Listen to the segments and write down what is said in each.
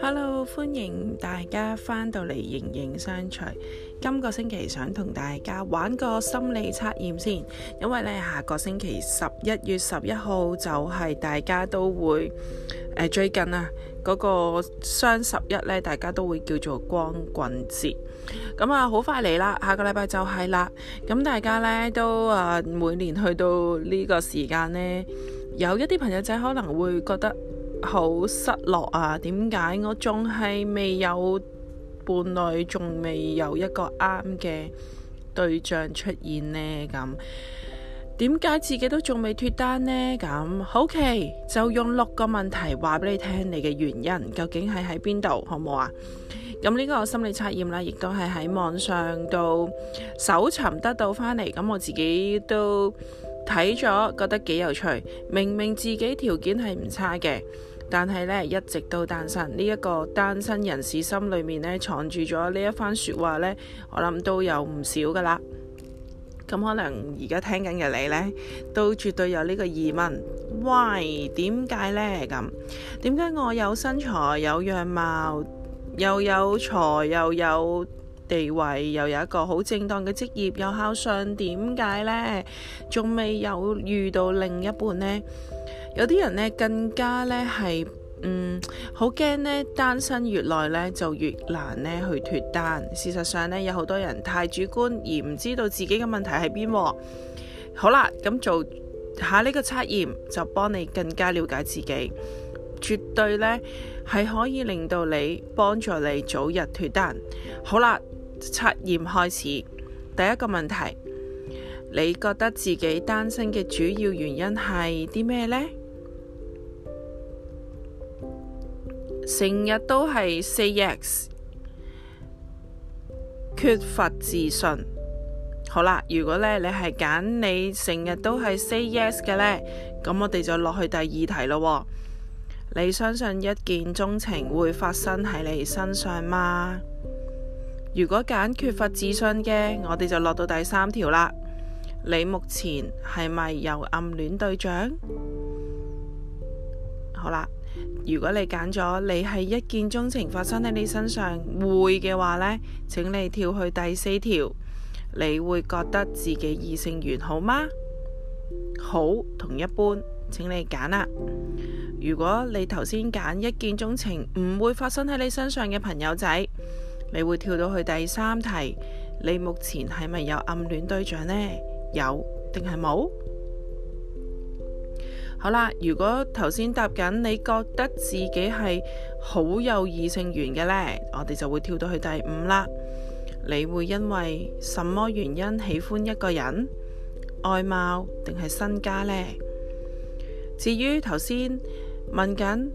Hello，歡迎大家返到嚟形影相隨。今個星期想同大家玩個心理測驗先，因為呢下個星期十一月十一號就係大家都會、呃、最近啊。嗰個雙十一呢，大家都會叫做光棍節。咁啊，好快嚟啦，下個禮拜就係啦。咁大家呢，都啊，每年去到呢個時間呢，有一啲朋友仔可能會覺得好失落啊。點解我仲係未有伴侶，仲未有一個啱嘅對象出現呢？咁。點解自己都仲未脫單呢？咁好奇就用六個問題話俾你聽，你嘅原因究竟係喺邊度，好唔好啊？咁呢個心理測驗咧，亦都係喺網上度搜尋得到返嚟。咁我自己都睇咗，覺得幾有趣。明明自己條件係唔差嘅，但係呢一直都單身。呢一個單身人士心裏面呢，藏住咗呢一番說話呢，我諗都有唔少噶啦。咁可能而家聽緊嘅你呢，都絕對有呢個疑問，喂，點解呢？咁點解我有身材、有樣貌、又有財、又有地位、又有一個好正當嘅職業、又孝順，點解呢？仲未有遇到另一半呢？有啲人呢，更加呢係。嗯，好驚呢。單身越耐呢就越難呢去脫單。事實上呢，有好多人太主觀而唔知道自己嘅問題喺邊。好啦，咁做下呢個測驗就幫你更加了解自己，絕對呢，係可以令到你幫助你早日脫單。好啦，測驗開始，第一個問題，你覺得自己單身嘅主要原因係啲咩呢？成日都係 say yes，缺乏自信。好啦，如果呢你係揀你成日都係 say yes 嘅呢，咁我哋就落去第二題咯。你相信一見鍾情會發生喺你身上嗎？如果揀缺乏自信嘅，我哋就落到第三條啦。你目前係咪有暗戀對象？好啦。如果你揀咗你係一見鍾情發生喺你身上會嘅話呢，請你跳去第四條，你會覺得自己異性緣好嗎？好同一般，請你揀啦。如果你頭先揀一見鍾情唔會發生喺你身上嘅朋友仔，你會跳到去第三題，你目前係咪有暗戀對象呢？有定係冇？好啦，如果頭先答緊，你覺得自己係好有異性緣嘅呢，我哋就會跳到去第五啦。你會因為什麼原因喜歡一個人？外貌定係身家呢？至於頭先問緊，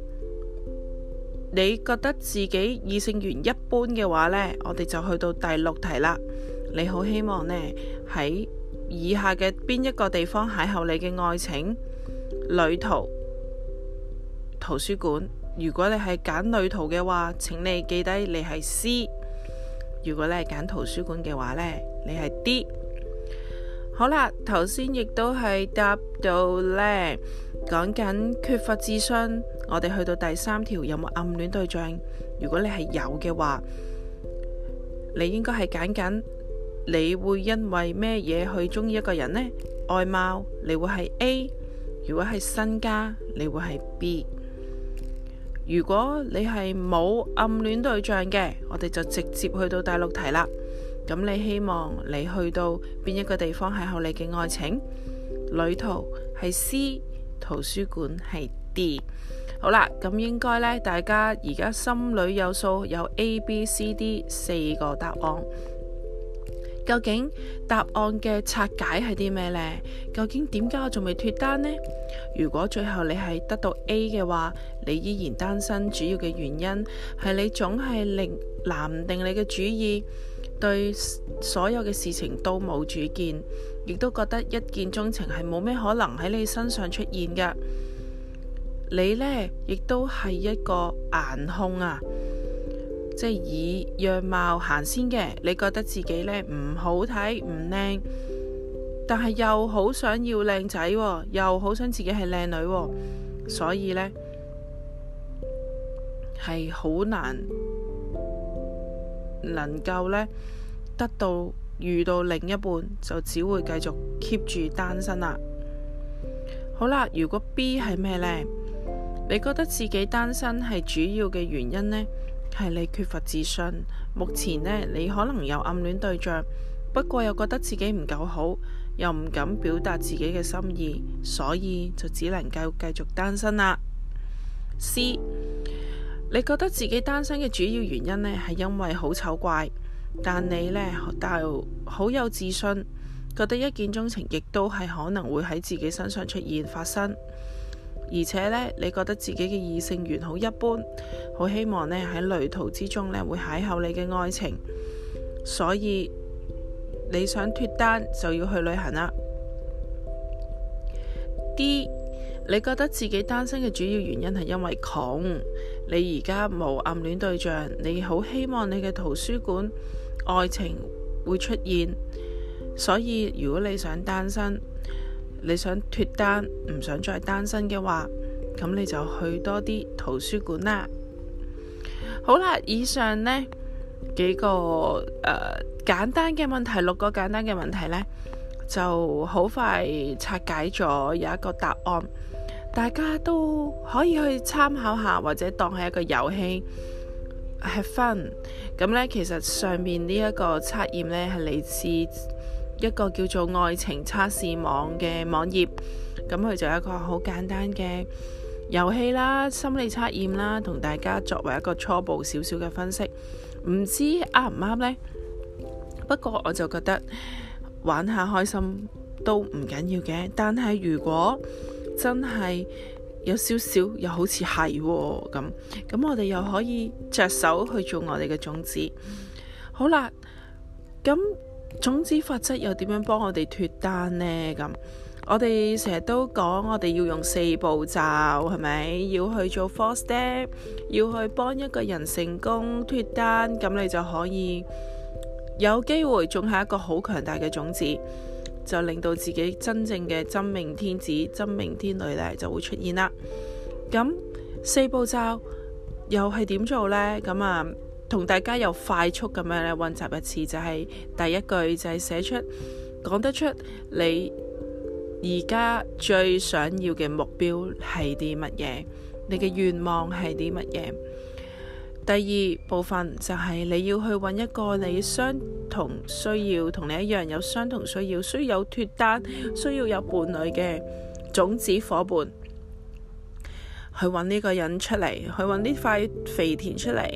你覺得自己異性緣一般嘅話呢，我哋就去到第六題啦。你好希望呢，喺以下嘅邊一個地方邂逅你嘅愛情？旅途、圖書館。如果你係揀旅途嘅話，請你記低你係 C。如果你係揀圖書館嘅話咧，你係 D。好啦，頭先亦都係答到呢，講緊缺乏資訊。我哋去到第三條，有冇暗戀對象？如果你係有嘅話，你應該係揀緊。你會因為咩嘢去鍾意一個人呢？外貌，你會係 A。如果係新家，你會係 B。如果你係冇暗戀對象嘅，我哋就直接去到第六題啦。咁你希望你去到邊一個地方係後你嘅愛情旅途係 C，圖書館係 D。好啦，咁應該呢，大家而家心裏有數，有 A、B、C、D 四個答案。究竟答案嘅拆解係啲咩呢？究竟點解我仲未脫單呢？如果最後你係得到 A 嘅話，你依然單身，主要嘅原因係你總係令難定你嘅主意，對所有嘅事情都冇主見，亦都覺得一見鍾情係冇咩可能喺你身上出現㗎。你呢，亦都係一個顏控啊！即係以樣貌行先嘅，你覺得自己呢，唔好睇唔靚，但係又好想要靚仔喎，又好想自己係靚女喎，所以呢，係好難能夠呢，得到遇到另一半，就只會繼續 keep 住單身啦。好啦，如果 B 係咩呢？你覺得自己單身係主要嘅原因呢？係你缺乏自信，目前呢，你可能有暗戀對象，不過又覺得自己唔夠好，又唔敢表達自己嘅心意，所以就只能夠繼，繼，繼續單身啦。C，你覺得自己單身嘅主要原因呢，係因為好醜怪，但你呢，但好有自信，覺得一見鍾情亦都係可能會喺自己身上出現，發生。而且呢，你覺得自己嘅異性緣好一般，好希望呢喺旅途之中呢會邂逅你嘅愛情，所以你想脫單就要去旅行啦。D，你覺得自己單身嘅主要原因係因為窮，你而家冇暗戀對象，你好希望你嘅圖書館愛情會出現，所以如果你想單身。你想脫單唔想再單身嘅話，咁你就去多啲圖書館啦。好啦，以上呢幾個誒、呃、簡單嘅問題，六個簡單嘅問題呢，就好快拆解咗有一個答案，大家都可以去參考下，或者當係一個遊戲 have fun。咁呢，其實上面呢一個測驗呢，係嚟自，一個叫做愛情測試網嘅網頁，咁佢就有一個好簡單嘅遊戲啦、心理測驗啦，同大家作為一個初步少少嘅分析。唔知啱唔啱呢？不過我就覺得玩下開心都唔緊要嘅，但係如果真係有少少，又好似係咁，咁我哋又可以着手去做我哋嘅種子。好啦，咁。種子法則又點樣幫我哋脫單呢？咁我哋成日都講，我哋要用四步驟，係咪？要去做 four step，要去幫一個人成功脫單，咁你就可以有機會種下一個好強大嘅種子，就令到自己真正嘅真命天子、真命天女呢就會出現啦。咁四步驟又係點做呢？咁啊？同大家又快速咁樣咧溫習一次，就係、是、第一句就係寫出講得出你而家最想要嘅目標係啲乜嘢，你嘅願望係啲乜嘢。第二部分就係你要去揾一個你相同需要同你一樣有相同需要，需要有脫單需要有伴侶嘅種子伙伴。去揾呢個人出嚟，去揾呢塊肥田出嚟。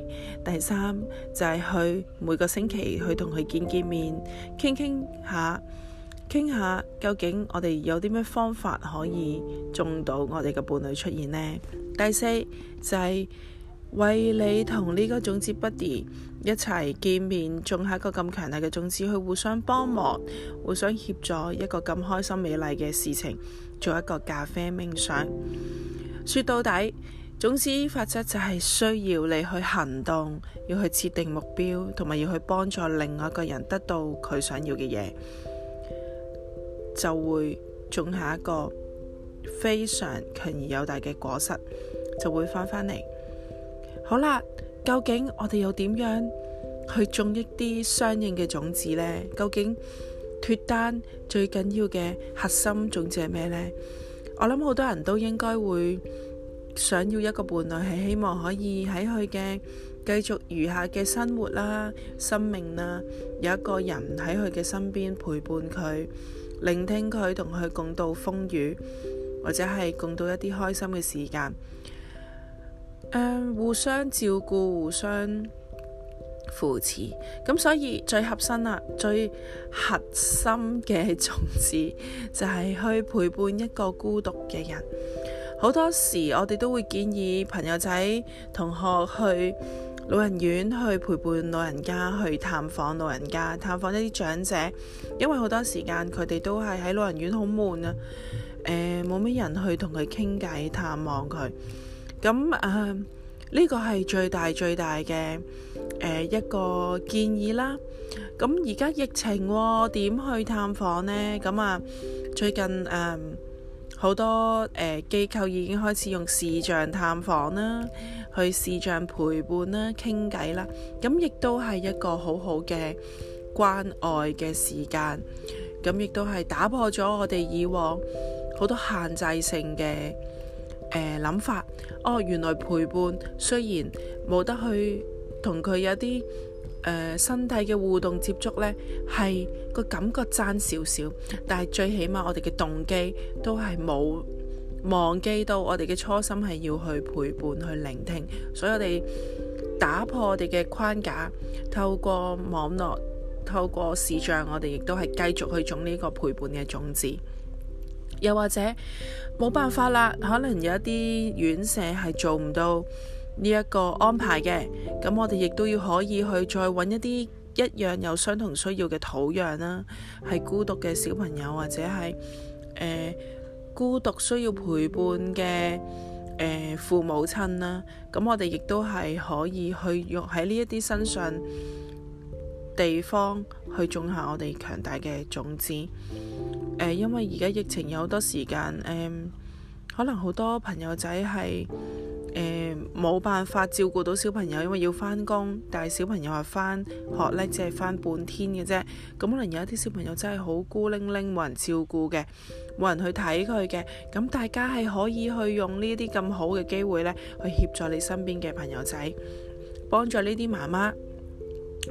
第三就係、是、去每個星期去同佢見見面，傾傾下，傾下究竟我哋有啲咩方法可以種到我哋嘅伴侶出現呢？第四就係、是、為你同呢個種子 Buddy 一齊見面，種下一個咁強大嘅種子，去互相幫忙，互相協助一個咁開心美麗嘅事情，做一個咖啡冥想。說到底，種子法則就係需要你去行動，要去設定目標，同埋要去幫助另外一個人得到佢想要嘅嘢，就會種下一個非常強而有大嘅果實，就會翻返嚟。好啦，究竟我哋又點樣去種一啲相應嘅種子呢？究竟脫單最緊要嘅核心種子係咩呢？我諗好多人都應該會想要一個伴侶，係希望可以喺佢嘅繼續餘下嘅生活啦、生命啦，有一個人喺佢嘅身邊陪伴佢，聆聽佢，同佢共度風雨，或者係共度一啲開心嘅時間，呃，互相照顧，互相。扶持，咁所以最核心啦，最核心嘅種子就係去陪伴一個孤獨嘅人。好多時我哋都會建議朋友仔、同學去老人院去陪伴老人家，去探訪老人家，探訪一啲長者，因為好多時間佢哋都係喺老人院好悶啊，呃，冇咩人去同佢傾偈探望佢，咁誒。呃呢個係最大最大嘅誒、呃、一個建議啦。咁而家疫情喎、哦，點去探訪呢？咁、嗯、啊，最近誒好、嗯、多誒機、呃、構已經開始用視像探訪啦，去視像陪伴啦、傾偈啦。咁亦都係一個好好嘅關愛嘅時間。咁亦都係打破咗我哋以往好多限制性嘅。誒諗、呃、法，哦，原來陪伴雖然冇得去同佢有啲誒、呃、身體嘅互動接觸呢，係個感覺爭少少，但係最起碼我哋嘅動機都係冇忘記到我哋嘅初心係要去陪伴去聆聽，所以我哋打破我哋嘅框架，透過網絡，透過視像，我哋亦都係繼續去種呢個陪伴嘅種子。又或者冇辦法啦，可能有一啲院舍係做唔到呢一個安排嘅，咁我哋亦都要可以去再揾一啲一樣有相同需要嘅土壤啦，係孤獨嘅小朋友或者係、呃、孤獨需要陪伴嘅、呃、父母親啦，咁我哋亦都係可以去用喺呢一啲身上地方去種下我哋強大嘅種子。誒、呃，因為而家疫情有好多時間，誒、呃，可能好多朋友仔係誒冇辦法照顧到小朋友，因為要返工。但係小朋友係返學呢，只係返半天嘅啫。咁可能有一啲小朋友真係好孤零零，冇人照顧嘅，冇人去睇佢嘅。咁大家係可以去用呢啲咁好嘅機會呢，去協助你身邊嘅朋友仔，幫助呢啲媽媽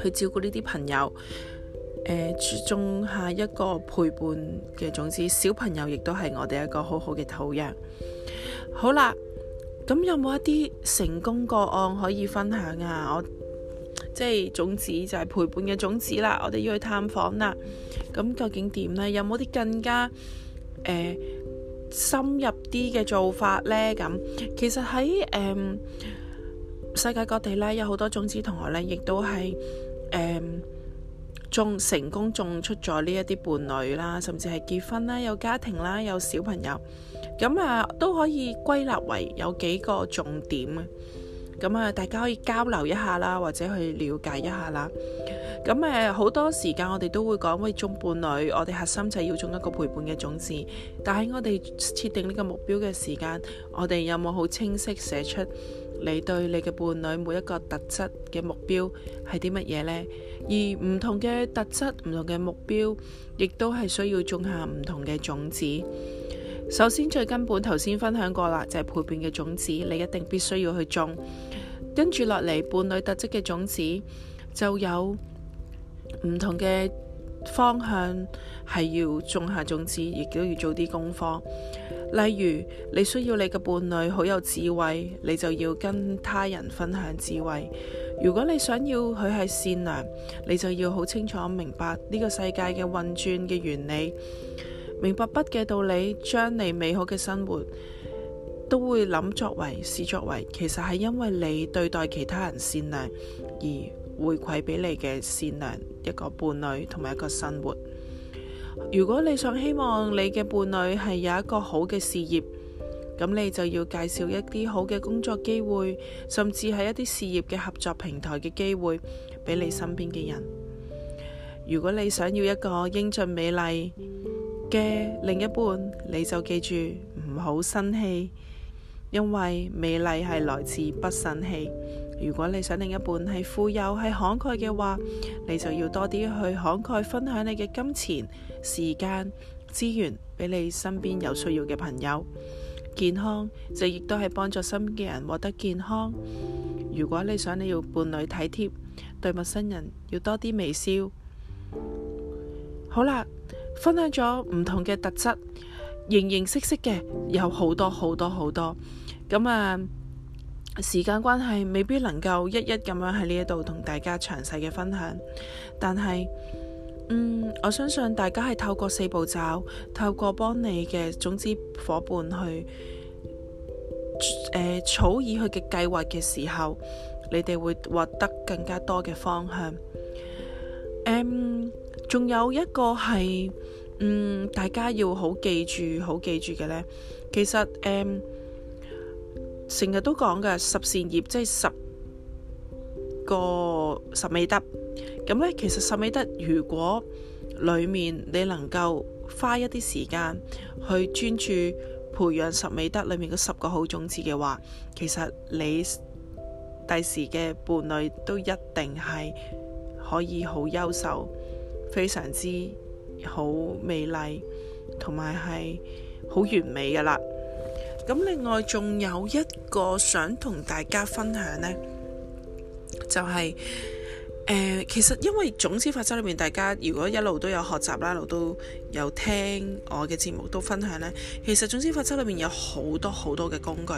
去照顧呢啲朋友。誒，注重、呃、下一個陪伴嘅種子，小朋友亦都係我哋一個好好嘅土壤。好啦，咁有冇一啲成功個案可以分享啊？我即係種子就係陪伴嘅種子啦，我哋要去探訪啦。咁究竟點呢？有冇啲更加、呃、深入啲嘅做法呢？咁其實喺、呃、世界各地呢，有好多種子同學呢，亦都係種成功種出咗呢一啲伴侶啦，甚至係結婚啦，有家庭啦，有小朋友，咁啊都可以歸納為有幾個重點嘅，咁啊大家可以交流一下啦，或者去了解一下啦，咁誒好多時間我哋都會講，喂，種伴侶，我哋核心就係要種一個陪伴嘅種子，但係我哋設定呢個目標嘅時間，我哋有冇好清晰寫出？你對你嘅伴侶每一個特質嘅目標係啲乜嘢呢？而唔同嘅特質、唔同嘅目標，亦都係需要種下唔同嘅種子。首先最根本，頭先分享過啦，就係、是、陪伴嘅種子，你一定必須要去種。跟住落嚟，伴侶特質嘅種子就有唔同嘅。方向係要種下種子，亦都要做啲功課。例如，你需要你嘅伴侶好有智慧，你就要跟他人分享智慧。如果你想要佢係善良，你就要好清楚明白呢個世界嘅運轉嘅原理，明白不嘅道理，將你美好嘅生活都會諗作為是作為，其實係因為你對待其他人善良而，回饋俾你嘅善良，一個伴侶同埋一個生活。如果你想希望你嘅伴侶係有一個好嘅事業，咁你就要介紹一啲好嘅工作機會，甚至係一啲事業嘅合作平台嘅機會俾你身邊嘅人。如果你想要一個英俊美麗嘅另一半，你就記住唔好生氣，因為美麗係來自不生氣。如果你想另一半係富有、係慷慨嘅話，你就要多啲去慷慨分享你嘅金錢、時間、資源俾你身邊有需要嘅朋友。健康就亦都係幫助身邊嘅人獲得健康。如果你想你要伴侶體貼，對陌生人要多啲微笑。好啦，分享咗唔同嘅特質，形形色色嘅有好多好多好多。咁啊。時間關係，未必能夠一一咁樣喺呢一度同大家詳細嘅分享，但係，嗯，我相信大家係透過四步驟，透過幫你嘅，總之夥伴去，誒，呃，草擬佢嘅計劃嘅時候，你哋會獲得更加多嘅方向。嗯，仲有一個係，嗯，大家要好記住，好記住嘅呢，其實，嗯成日都講嘅十善業，即係十個十美德。咁呢，其實十美德如果裡面你能夠花一啲時間去專注培養十美德裡面嗰十個好種子嘅話，其實你第時嘅伴侶都一定係可以好優秀、非常之好美麗同埋係好完美㗎喇。咁另外仲有一個想同大家分享呢，就係誒，其實因為種子法則裏面，大家如果一路都有學習啦，一路都有聽我嘅節目都分享呢，其實種子法則裏面有好多好多嘅工具。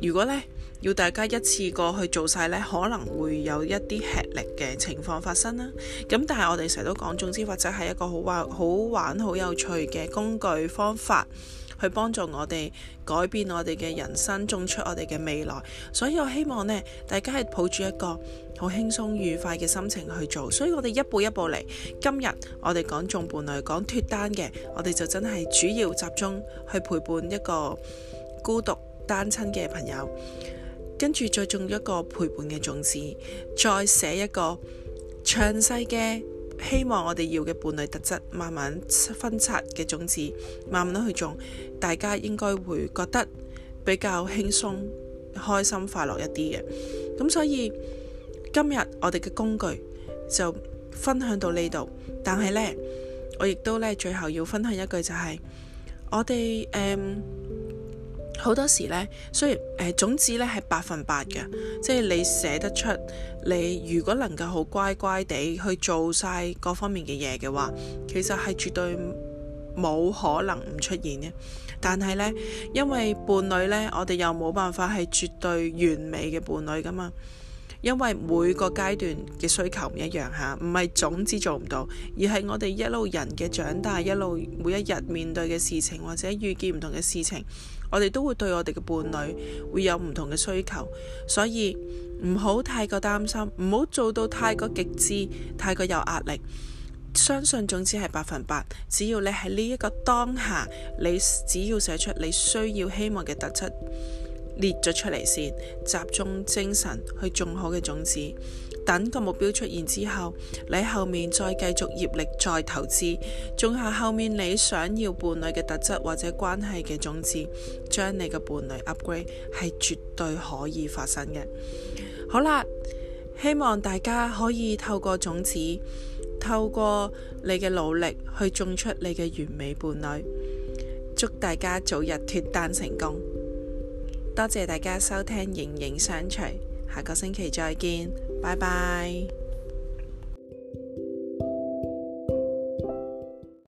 如果呢要大家一次過去做晒呢，可能會有一啲吃力嘅情況發生啦。咁但係我哋成日都講種子法則係一個好玩、好玩、好有趣嘅工具方法。去幫助我哋改變我哋嘅人生，種出我哋嘅未來。所以我希望呢，大家係抱住一個好輕鬆愉快嘅心情去做。所以我哋一步一步嚟。今日我哋講種伴侶，講脫單嘅，我哋就真係主要集中去陪伴一個孤獨單親嘅朋友，跟住再種一個陪伴嘅種子，再寫一個詳細嘅。希望我哋要嘅伴侶特質，慢慢分拆嘅種子，慢慢去種，大家應該會覺得比較輕鬆、開心、快樂一啲嘅。咁所以今日我哋嘅工具就分享到呢度，但係呢，我亦都呢最後要分享一句就係、是，我哋誒。嗯好多時咧，雖然誒種子咧係百分百嘅，即係你寫得出，你如果能夠好乖乖地去做晒各方面嘅嘢嘅話，其實係絕對冇可能唔出現嘅。但係咧，因為伴侶咧，我哋又冇辦法係絕對完美嘅伴侶噶嘛。因為每個階段嘅需求唔一樣吓，唔係種子做唔到，而係我哋一路人嘅長大，一路每一日面對嘅事情或者遇見唔同嘅事情，我哋都會對我哋嘅伴侶會有唔同嘅需求，所以唔好太過擔心，唔好做到太過極致，太過有壓力。相信種子係百分百，只要你喺呢一個當下，你只要寫出你需要希望嘅特質。列咗出嚟先，集中精神去種好嘅種子，等個目標出現之後，你後面再繼續業力再投資，種下後面你想要伴侶嘅特質或者關係嘅種子，將你嘅伴侶 upgrade 係絕對可以發生嘅。好啦，希望大家可以透過種子，透過你嘅努力去種出你嘅完美伴侶。祝大家早日脫單成功！多謝大家收聽《形影相隨》，下個星期再見，拜拜。